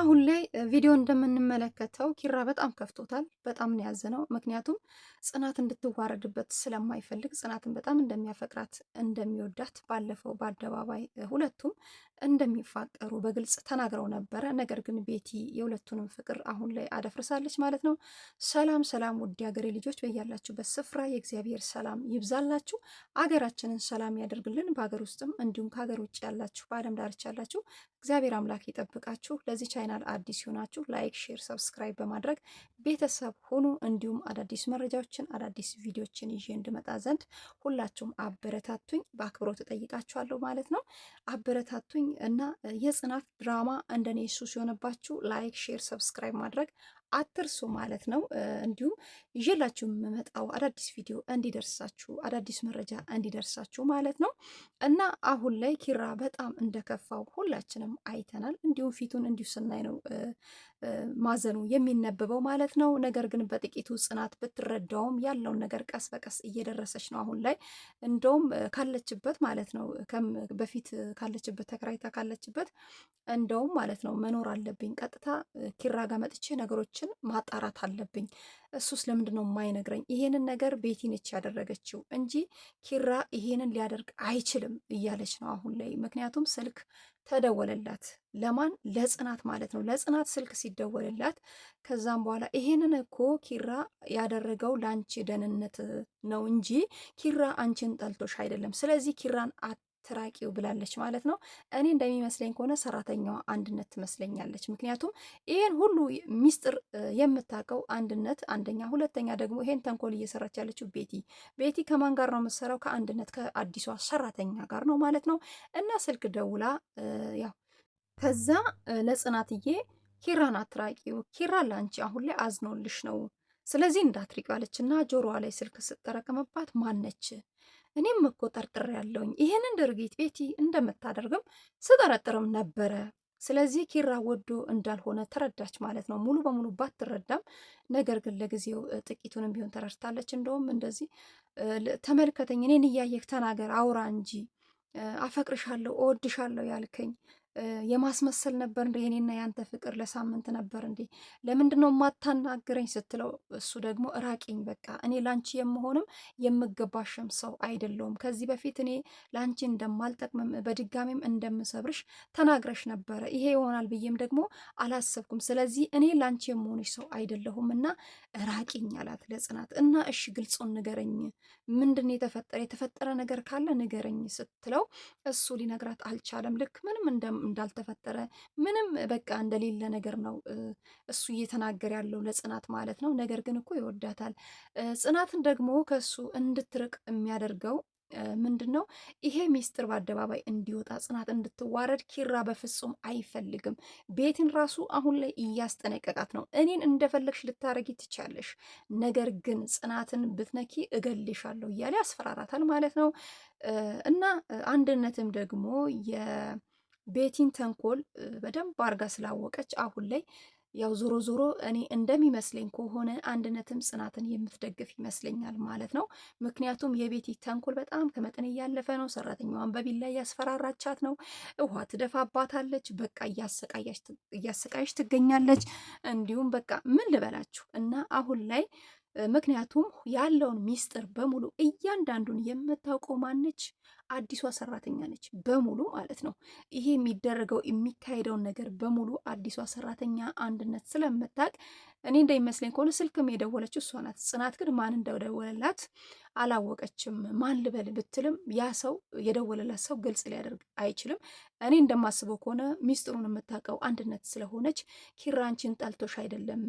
አሁን ላይ ቪዲዮ እንደምንመለከተው ኪራ በጣም ከፍቶታል። በጣም ነው ያዘነው። ምክንያቱም ጽናት እንድትዋረድበት ስለማይፈልግ ጽናትን በጣም እንደሚያፈቅራት እንደሚወዳት፣ ባለፈው በአደባባይ ሁለቱም እንደሚፋቀሩ በግልጽ ተናግረው ነበረ። ነገር ግን ቤቲ የሁለቱንም ፍቅር አሁን ላይ አደፍርሳለች ማለት ነው። ሰላም ሰላም፣ ውድ ሀገሬ ልጆች በያላችሁበት ስፍራ የእግዚአብሔር ሰላም ይብዛላችሁ። አገራችንን ሰላም ያደርግልን። በሀገር ውስጥም እንዲሁም ከሀገር ውጭ ያላችሁ በዓለም ዳርቻ ያላችሁ እግዚአብሔር አምላክ ይጠብቃችሁ። ለዚህ ቻናል አዲስ ሆናችሁ ላይክ፣ ሼር፣ ሰብስክራይብ በማድረግ ቤተሰብ ሁኑ። እንዲሁም አዳዲስ መረጃዎችን አዳዲስ ቪዲዮችን ይዤ እንድመጣ ዘንድ ሁላችሁም አበረታቱኝ በአክብሮት እጠይቃችኋለሁ ማለት ነው። አበረታቱኝ እና የጽናት ድራማ እንደኔ ሱስ የሆነባችሁ ላይክ፣ ሼር፣ ሰብስክራይብ ማድረግ አትርሱ ማለት ነው። እንዲሁም ይዤላችሁ የምመጣው አዳዲስ ቪዲዮ እንዲደርሳችሁ አዳዲስ መረጃ እንዲደርሳችሁ ማለት ነው እና አሁን ላይ ኪራ በጣም እንደከፋው ሁላችንም አይተናል። እንዲሁም ፊቱን እንዲሁ ስናይ ነው ማዘኑ የሚነበበው ማለት ነው። ነገር ግን በጥቂቱ ጽናት ብትረዳውም ያለውን ነገር ቀስ በቀስ እየደረሰች ነው። አሁን ላይ እንደውም ካለችበት ማለት ነው በፊት ካለችበት ተከራይታ ካለችበት እንደውም ማለት ነው መኖር አለብኝ፣ ቀጥታ ኪራ ጋ መጥቼ ነገሮችን ማጣራት አለብኝ። እሱስ ለምንድን ነው የማይነግረኝ? ይሄንን ነገር ቤቲ ነች ያደረገችው እንጂ ኪራ ይሄንን ሊያደርግ አይችልም እያለች ነው አሁን ላይ ምክንያቱም ስልክ ተደወለላት። ለማን ለጽናት ማለት ነው። ለጽናት ስልክ ሲደወልላት ከዛም በኋላ ይሄንን እኮ ኪራ ያደረገው ለአንቺ ደህንነት ነው እንጂ ኪራ አንቺን ጠልቶሽ አይደለም። ስለዚህ ኪራን ትራቂው ብላለች ማለት ነው። እኔ እንደሚመስለኝ ከሆነ ሰራተኛዋ አንድነት ትመስለኛለች። ምክንያቱም ይሄን ሁሉ ሚስጥር የምታውቀው አንድነት አንደኛ፣ ሁለተኛ ደግሞ ይሄን ተንኮል እየሰራች ያለችው ቤቲ። ቤቲ ከማን ጋር ነው የምትሰራው? ከአንድነት ከአዲሷ ሰራተኛ ጋር ነው ማለት ነው። እና ስልክ ደውላ ያው ከዛ ለጽናትዬ ኪራን አትራቂው ኪራ ላንቺ አሁን ላይ አዝኖልሽ ነው ስለዚህ እንዳትሪቅ አለችና ጆሮዋ ላይ ስልክ ስጠረቅምባት ማነች? እኔም እኮ ያለውኝ ይህንን ድርጊት ቤቲ እንደምታደርግም ስጠረጥርም ነበረ። ስለዚህ ኪራ ወዶ እንዳልሆነ ተረዳች ማለት ነው። ሙሉ በሙሉ ባትረዳም፣ ነገር ግን ለጊዜው ጥቂቱንም ቢሆን ተረድታለች። እንደውም እንደዚህ ተመልከተኝ፣ እኔን እያየህ ተናገር፣ አውራ እንጂ አፈቅርሻለሁ፣ እወድሻለሁ ያልከኝ የማስመሰል ነበር እንደ የኔና ያንተ ፍቅር ለሳምንት ነበር እንዴ? ለምንድን ነው ስትለው እሱ ደግሞ እራቂኝ፣ በቃ እኔ ላንቺ የምሆንም የምገባሽም ሰው አይደለውም። ከዚህ በፊት እኔ ላንቺ እንደማልጠቅምም በድጋሚም እንደምሰብርሽ ተናግረሽ ነበረ። ይሄ ይሆናል ብዬም ደግሞ አላሰብኩም። ስለዚህ እኔ ላንቺ የምሆንሽ ሰው አይደለሁም እና እራቂኝ አላት ለጽናት። እና እሺ ግልጹን ንገረኝ፣ ምንድን የተፈጠረ? የተፈጠረ ነገር ካለ ንገረኝ ስትለው እሱ ሊነግራት አልቻለም። ልክ ምንም እንደ እንዳልተፈጠረ ምንም በቃ እንደሌለ ነገር ነው እሱ እየተናገረ ያለው ለጽናት ማለት ነው። ነገር ግን እኮ ይወዳታል። ጽናትን ደግሞ ከእሱ እንድትርቅ የሚያደርገው ምንድን ነው? ይሄ ሚስጥር በአደባባይ እንዲወጣ ጽናት እንድትዋረድ ኪራ በፍጹም አይፈልግም። ቤትን ራሱ አሁን ላይ እያስጠነቀቃት ነው። እኔን እንደፈለግሽ ልታረጊ ትቻለሽ፣ ነገር ግን ጽናትን ብትነኪ እገልሻለሁ እያለ ያስፈራራታል ማለት ነው እና አንድነትም ደግሞ ቤቲን ተንኮል በደንብ አርጋ ስላወቀች አሁን ላይ ያው ዞሮ ዞሮ እኔ እንደሚመስለኝ ከሆነ አንድነትም ጽናትን የምትደግፍ ይመስለኛል ማለት ነው። ምክንያቱም የቤቲ ተንኮል በጣም ከመጠን እያለፈ ነው። ሰራተኛዋን በቢላ እያስፈራራቻት ነው። ውሃ ትደፋባታለች። በቃ እያሰቃየች ትገኛለች። እንዲሁም በቃ ምን ልበላችሁ እና አሁን ላይ ምክንያቱም ያለውን ሚስጥር በሙሉ እያንዳንዱን የምታውቀው ማነች? አዲሷ ሰራተኛ ነች፣ በሙሉ ማለት ነው። ይሄ የሚደረገው የሚካሄደውን ነገር በሙሉ አዲሷ ሰራተኛ አንድነት ስለምታውቅ እኔ እንደሚመስለኝ ከሆነ ስልክም የደወለችው እሷ ናት። ጽናት ግን ማን እንደደወለላት አላወቀችም። ማን ልበል ብትልም ያ ሰው የደወለላት ሰው ግልጽ ሊያደርግ አይችልም። እኔ እንደማስበው ከሆነ ሚስጥሩን የምታውቀው አንድነት ስለሆነች ኪራንችን ጠልቶሽ አይደለም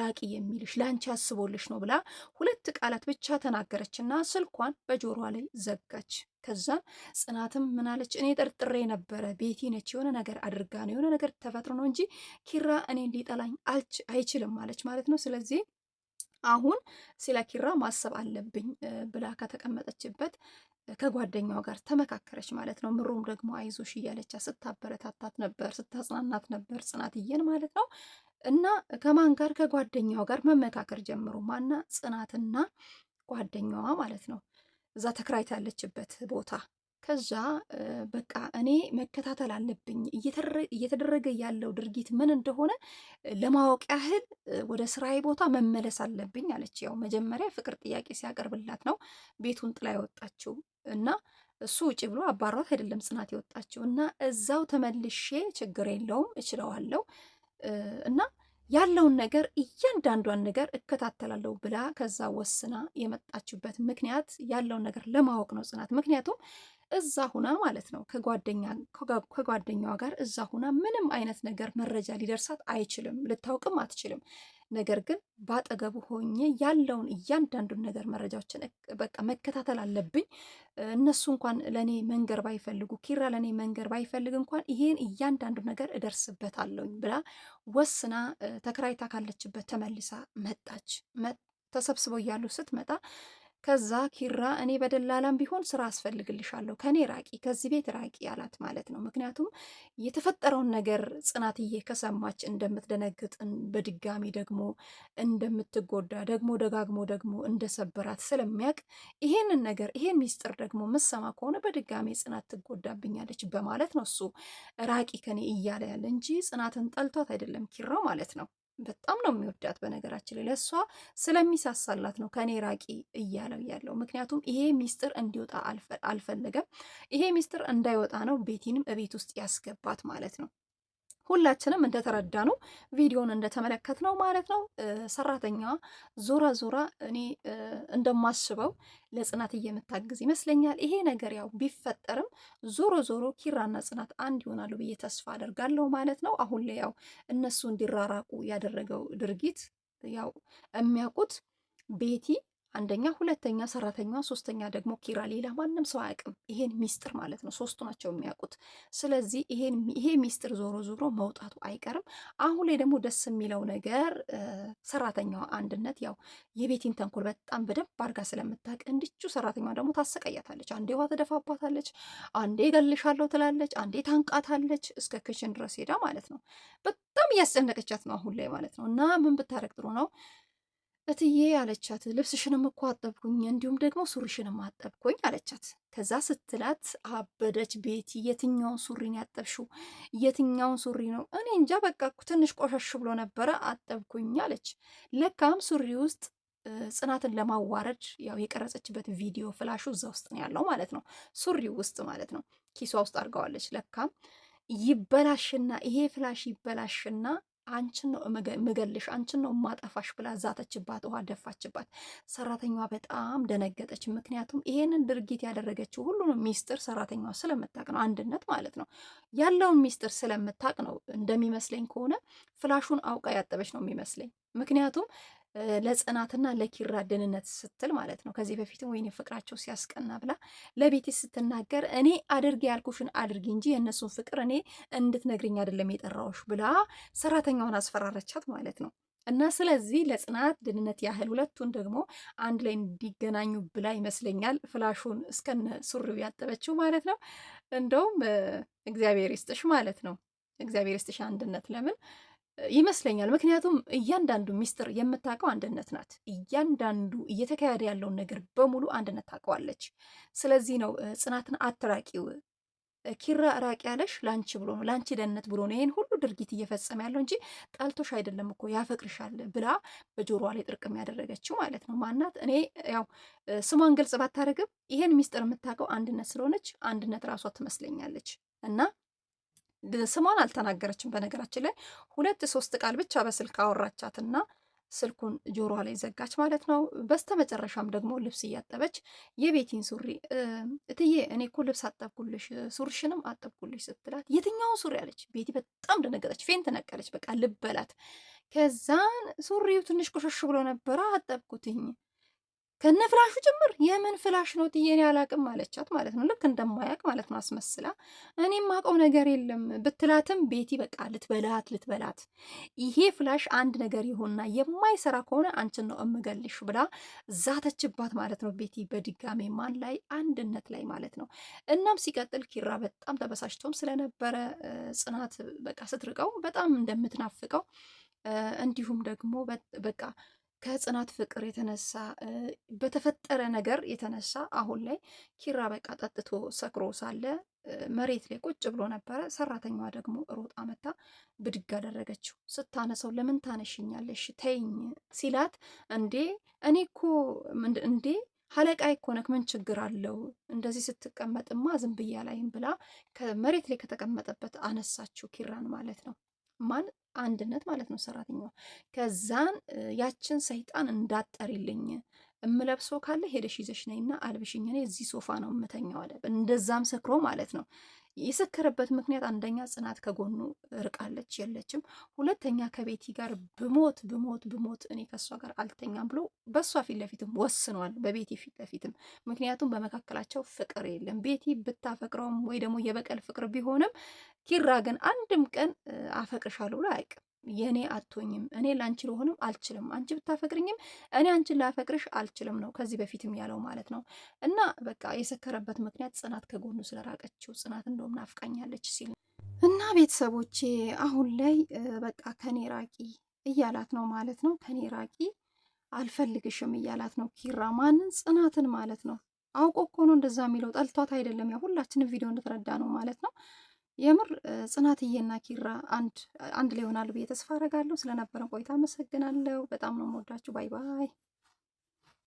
ራቂ የሚልሽ ለአንቺ አስቦልሽ ነው ብላ ሁለት ቃላት ብቻ ተናገረችና ስልኳን በጆሯ ላይ ዘጋች። ከዛ ጽናትም ምናለች፣ እኔ ጠርጥሬ ነበረ ቤቲ ነች የሆነ ነገር አድርጋ ነው የሆነ ነገር ተፈጥሮ ነው እንጂ ኪራ እኔን ሊጠላኝ አይችልም አለች ማለት ነው። ስለዚህ አሁን ስለ ኪራ ማሰብ አለብኝ ብላ ከተቀመጠችበት ከጓደኛው ጋር ተመካከረች ማለት ነው። ምሩም ደግሞ አይዞሽ እያለቻ ስታበረታታት ነበር፣ ስታጽናናት ነበር ጽናትዬን ማለት ነው። እና ከማን ጋር ከጓደኛው ጋር መመካከር ጀምሩ። ማና ጽናትና ጓደኛዋ ማለት ነው። እዛ ተከራይታ ያለችበት ቦታ ከዛ በቃ እኔ መከታተል አለብኝ እየተደረገ ያለው ድርጊት ምን እንደሆነ ለማወቅ ያህል ወደ ስራዬ ቦታ መመለስ አለብኝ አለች። ያው መጀመሪያ ፍቅር ጥያቄ ሲያቀርብላት ነው ቤቱን ጥላ የወጣችው እና እሱ ውጭ ብሎ አባሯት አይደለም ጽናት የወጣችው እና እዛው ተመልሼ ችግር የለውም እችለዋለሁ እና ያለውን ነገር እያንዳንዷን ነገር እከታተላለሁ ብላ ከዛ ወስና የመጣችበት ምክንያት ያለውን ነገር ለማወቅ ነው ጽናት። ምክንያቱም እዛ ሁና ማለት ነው ከጓደኛዋ ጋር እዛ ሁና ምንም አይነት ነገር መረጃ ሊደርሳት አይችልም፣ ልታውቅም አትችልም። ነገር ግን በአጠገቡ ሆኜ ያለውን እያንዳንዱን ነገር መረጃዎችን በቃ መከታተል አለብኝ። እነሱ እንኳን ለእኔ መንገር ባይፈልጉ፣ ኪራ ለእኔ መንገር ባይፈልግ እንኳን ይሄን እያንዳንዱ ነገር እደርስበታለሁኝ ብላ ወስና ተከራይታ ካለችበት ተመልሳ መጣች። ተሰብስበው እያሉ ስትመጣ ከዛ ኪራ እኔ በደላላም ቢሆን ስራ አስፈልግልሻለሁ፣ ከኔ ራቂ፣ ከዚህ ቤት ራቂ አላት ማለት ነው። ምክንያቱም የተፈጠረውን ነገር ጽናትዬ ከሰማች እንደምትደነግጥ፣ በድጋሚ ደግሞ እንደምትጎዳ ደግሞ ደጋግሞ ደግሞ እንደሰበራት ስለሚያውቅ ይሄንን ነገር ይሄን ሚስጥር ደግሞ ምሰማ ከሆነ በድጋሚ ጽናት ትጎዳብኛለች በማለት ነው እሱ ራቂ ከኔ እያለ ያለ እንጂ ጽናትን ጠልቷት አይደለም ኪራ ማለት ነው። በጣም ነው የሚወዳት። በነገራችን ላይ ለእሷ ስለሚሳሳላት ነው ከኔ ራቂ እያለው ያለው። ምክንያቱም ይሄ ሚስጥር እንዲወጣ አልፈለገም። ይሄ ሚስጥር እንዳይወጣ ነው ቤቲንም እቤት ውስጥ ያስገባት ማለት ነው። ሁላችንም እንደተረዳ ነው ቪዲዮን እንደተመለከት ነው ማለት ነው። ሰራተኛዋ ዞራ ዞራ እኔ እንደማስበው ለጽናት እየምታግዝ ይመስለኛል። ይሄ ነገር ያው ቢፈጠርም ዞሮ ዞሮ ኪራና ጽናት አንድ ይሆናሉ ብዬ ተስፋ አደርጋለሁ ማለት ነው። አሁን ላይ ያው እነሱ እንዲራራቁ ያደረገው ድርጊት ያው የሚያውቁት ቤቲ አንደኛ፣ ሁለተኛ ሰራተኛዋ፣ ሶስተኛ ደግሞ ኪራ። ሌላ ማንም ሰው አያውቅም ይሄን ሚስጥር ማለት ነው። ሶስቱ ናቸው የሚያውቁት። ስለዚህ ይሄ ሚስጥር ዞሮ ዞሮ መውጣቱ አይቀርም። አሁን ላይ ደግሞ ደስ የሚለው ነገር ሰራተኛዋ አንድነት ያው የቤቲን ተንኮል በጣም በደንብ አድርጋ ስለምታውቅ እንድቹ ሰራተኛዋ ደግሞ ታሰቃያታለች። አንዴ ውሃ ትደፋባታለች፣ አንዴ እገልሻለሁ ትላለች፣ አንዴ ታንቃታለች፣ እስከ ክችን ድረስ ሄዳ ማለት ነው። በጣም እያስጨነቀቻት ነው አሁን ላይ ማለት ነው። እና ምን ብታረግ ጥሩ ነው እትዬ አለቻት። ልብስሽንም እኮ አጠብኩኝ እንዲሁም ደግሞ ሱሪሽንም አጠብኩኝ አለቻት። ከዛ ስትላት አበደች ቤቲ። የትኛውን ሱሪ ነው ያጠብሽው? የትኛውን ሱሪ ነው? እኔ እንጃ በቃ ትንሽ ቆሸሽ ብሎ ነበረ አጠብኩኝ አለች። ለካም ሱሪ ውስጥ ጽናትን ለማዋረድ ያው የቀረጸችበት ቪዲዮ ፍላሹ እዛ ውስጥ ነው ያለው ማለት ነው። ሱሪ ውስጥ ማለት ነው። ኪሷ ውስጥ አድርገዋለች። ለካም ይበላሽና ይሄ ፍላሽ ይበላሽና አንቺን ነው ምገልሽ፣ አንቺን ነው ማጠፋሽ ብላ ዛተችባት፣ ውሃ ደፋችባት። ሰራተኛዋ በጣም ደነገጠች። ምክንያቱም ይሄንን ድርጊት ያደረገችው ሁሉንም ሚስጥር ሰራተኛዋ ስለምታቅ ነው። አንድነት ማለት ነው ያለውን ሚስጥር ስለምታቅ ነው። እንደሚመስለኝ ከሆነ ፍላሹን አውቃ ያጠበች ነው የሚመስለኝ። ምክንያቱም ለጽናትና ለኪራ ደህንነት ስትል ማለት ነው። ከዚህ በፊትም ወይኔ ፍቅራቸው ሲያስቀና ብላ ለቤቲ ስትናገር እኔ አድርጌ ያልኩሽን አድርጊ እንጂ የእነሱን ፍቅር እኔ እንድትነግርኝ አይደለም የጠራውሽ ብላ ሰራተኛውን አስፈራረቻት ማለት ነው። እና ስለዚህ ለጽናት ደህንነት ያህል ሁለቱን ደግሞ አንድ ላይ እንዲገናኙ ብላ ይመስለኛል ፍላሹን እስከነ ሱሪው ያጠበችው ማለት ነው። እንደውም እግዚአብሔር ይስጥሽ ማለት ነው። እግዚአብሔር ይስጥሽ አንድነት ለምን ይመስለኛል። ምክንያቱም እያንዳንዱ ሚስጥር የምታውቀው አንድነት ናት። እያንዳንዱ እየተካሄደ ያለውን ነገር በሙሉ አንድነት ታውቀዋለች። ስለዚህ ነው ጽናትን አትራቂው ኪራ ራቂ ያለሽ ለአንቺ ብሎ ነው፣ ለአንቺ ደህንነት ብሎ ነው ይህን ሁሉ ድርጊት እየፈጸመ ያለው እንጂ ጠልቶሽ አይደለም እኮ ያፈቅርሻል ብላ በጆሮዋ ላይ ጥርቅም ያደረገችው ማለት ነው። ማናት? እኔ ያው ስሟን ግልጽ ባታደርግም ይሄን ሚስጥር የምታውቀው አንድነት ስለሆነች አንድነት ራሷ ትመስለኛለች እና ስሟን አልተናገረችም። በነገራችን ላይ ሁለት ሶስት ቃል ብቻ በስልክ አወራቻትና ስልኩን ጆሮ ላይ ዘጋች ማለት ነው። በስተ መጨረሻም ደግሞ ልብስ እያጠበች የቤቲን ሱሪ እትዬ፣ እኔ እኮ ልብስ አጠብኩልሽ፣ ሱሪሽንም አጠብኩልሽ ስትላት የትኛውን ሱሪ አለች። ቤቲ በጣም ደነገጠች፣ ፌን ነቀለች። በቃ ልበላት። ከዛን ሱሪው ትንሽ ቆሸሽ ብሎ ነበረ አጠብኩትኝ ከነ ፍላሹ ጭምር የምን ፍላሽ ነው ትዬኔ አላቅም ማለቻት ማለት ነው። ልክ እንደማያቅ ማለት ነው አስመስላ። እኔም አውቀው ነገር የለም ብትላትም ቤቲ በቃ ልትበላት ልትበላት፣ ይሄ ፍላሽ አንድ ነገር ይሆንና የማይሰራ ከሆነ አንቺን ነው እምገልሽ ብላ ዛተችባት ማለት ነው። ቤቲ በድጋሜ ማን ላይ? አንድነት ላይ ማለት ነው። እናም ሲቀጥል ኪራ በጣም ተበሳጭቶም ስለነበረ ጽናት በቃ ስትርቀው በጣም እንደምትናፍቀው እንዲሁም ደግሞ በቃ ከጽናት ፍቅር የተነሳ በተፈጠረ ነገር የተነሳ አሁን ላይ ኪራ በቃ ጠጥቶ ሰክሮ ሳለ መሬት ላይ ቁጭ ብሎ ነበረ። ሰራተኛዋ ደግሞ ሮጣ መታ ብድግ አደረገችው። ስታነሰው ለምን ታነሽኛለሽ? ተይኝ ሲላት እንዴ እኔ እኮ እንዴ ሀለቃ ይኮነክ ምን ችግር አለው? እንደዚህ ስትቀመጥማ ዝም ብዬ ላይም ብላ ከመሬት ላይ ከተቀመጠበት አነሳችው ኪራን ማለት ነው። ማን አንድነት ማለት ነው ሰራተኛዋ። ከዛን ያችን ሰይጣን እንዳጠሪልኝ እምለብሶ ካለ ሄደሽ ይዘሽ ነይና አልብሽኝ፣ እኔ እዚህ ሶፋ ነው እምተኛው አለ። እንደዛም ሰክሮ ማለት ነው የሰከረበት ምክንያት አንደኛ ጽናት ከጎኑ ርቃለች የለችም፣ ሁለተኛ ከቤቲ ጋር ብሞት ብሞት ብሞት እኔ ከእሷ ጋር አልተኛም ብሎ በእሷ ፊት ለፊትም ወስኗል፣ በቤቲ ፊት ለፊትም። ምክንያቱም በመካከላቸው ፍቅር የለም። ቤቲ ብታፈቅረውም ወይ ደግሞ የበቀል ፍቅር ቢሆንም ኪራ ግን አንድም ቀን አፈቅርሻለሁ ብሎ አያውቅም። የእኔ አትሆኝም፣ እኔ ለአንቺ ልሆንም አልችልም፣ አንቺ ብታፈቅርኝም እኔ አንቺን ላፈቅርሽ አልችልም ነው ከዚህ በፊትም ያለው ማለት ነው። እና በቃ የሰከረበት ምክንያት ጽናት ከጎኑ ስለራቀችው ጽናት እንደውም ናፍቃኛለች ሲል እና ቤተሰቦቼ አሁን ላይ በቃ ከኔ ራቂ እያላት ነው ማለት ነው። ከኔ ራቂ አልፈልግሽም እያላት ነው ኪራ ማንን? ጽናትን ማለት ነው። አውቆ እኮ ነው እንደዛ የሚለው ጠልቷት አይደለም። ያ ሁላችንም ቪዲዮ እንደተረዳ ነው ማለት ነው። የምር ጽናትዬና ኪራ አንድ አንድ ላይ ይሆናሉ ብዬ ተስፋ አረጋለሁ። ስለነበረን ቆይታ አመሰግናለሁ። በጣም ነው የምወዳችሁ። ባይ ባይ